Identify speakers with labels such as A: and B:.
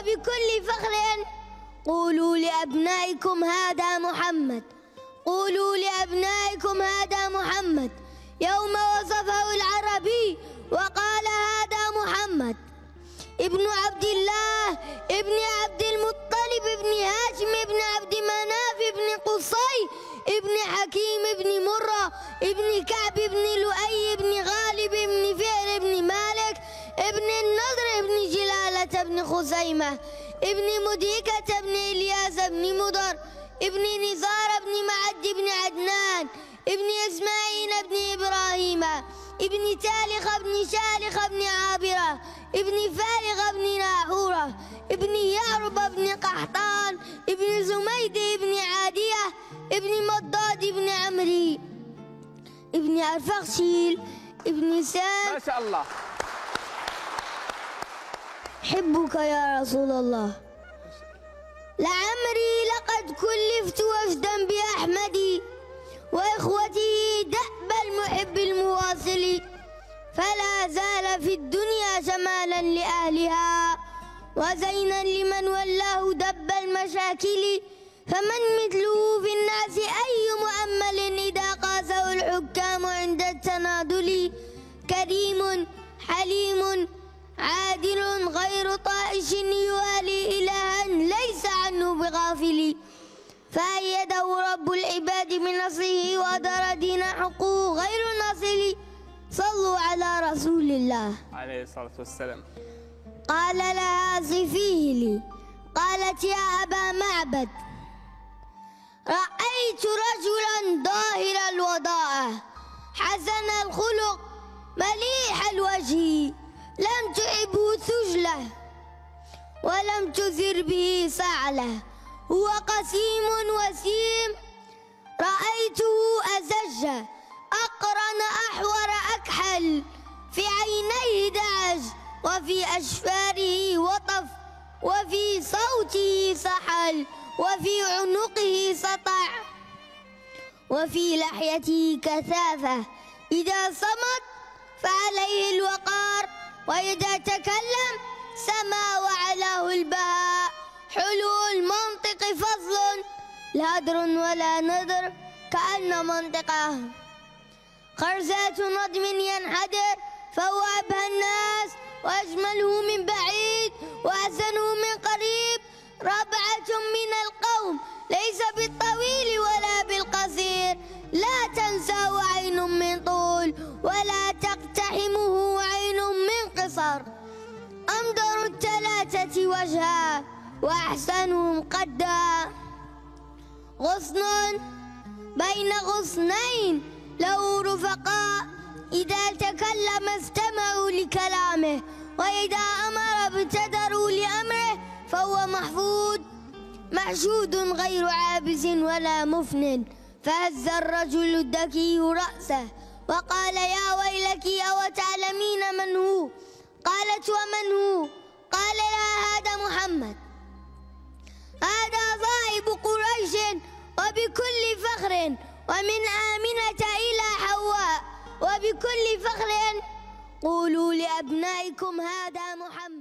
A: وبكل فخر قولوا لأبنائكم هذا محمد قولوا لأبنائكم هذا محمد يوم وصفه العربي وقال هذا محمد ابن عبد الله ابن عبد المطلب ابن هاشم ابن عبد مناف ابن قصي ابن حكيم ابن مرة ابن كعب ابن لؤي ابن غالب ابن فعل ابن مالك ابن النضر ابن جلال عقبة بن خزيمة ابن مديكة بن إلياس بن مضر ابن نزار بن معد بن عدنان ابن إسماعيل بن إبراهيم ابن تالخ بن شالخ بن عابرة ابن فالغ بن ناحورة ابن يعرب بن قحطان ابن زميد بن عادية ابن مضاد بن عمري ابن أرفخشيل ابن سام ما شاء الله حبك يا رسول الله لعمري لقد كلفت وفدا بأحمد وإخوته دأب المحب المواصل فلا زال في الدنيا جمالا لأهلها وزينا لمن ولاه دب المشاكل فمن مثله في الناس أي مؤمل إذا قاسه الحكام عند التناضل كريم حليم عادل غير طائش يوالي إلها ليس عنه بغافل فأيده رب العباد من نصره دين حقه غير ناصر صلوا على رسول الله عليه الصلاة والسلام قال لها صفيه لي قالت يا أبا معبد رأيت رجلا ظاهر الوضاءة حسن الخلق مليح الوجه لم تعبه سجله ولم تثر به صعله هو قسيم وسيم رأيته أزج أقرن أحور أكحل في عينيه دعج وفي أشفاره وطف وفي صوته صحل وفي عنقه سطع وفي لحيته كثافة إذا صمت فعليه الوقار وإذا تكلم سما وعلاه البهاء حلو المنطق فضل لا در ولا نذر كأن منطقه خرزات نظم ينحدر فهو أبهى الناس وأجمله من بعيد وأحسنه من قريب ربعة من القلب وجها وأحسنهم قدا غصن بين غصنين له رفقاء إذا تكلم استمعوا لكلامه وإذا أمر ابتدروا لأمره فهو محفوظ محشود غير عابس ولا مفن فهز الرجل الذكي رأسه وقال يا ويلك أو تعلمين من هو قالت ومن هو قال لا هذا محمد هذا ضائب قريش وبكل فخر ومن آمنة إلى حواء وبكل فخر قولوا لأبنائكم هذا محمد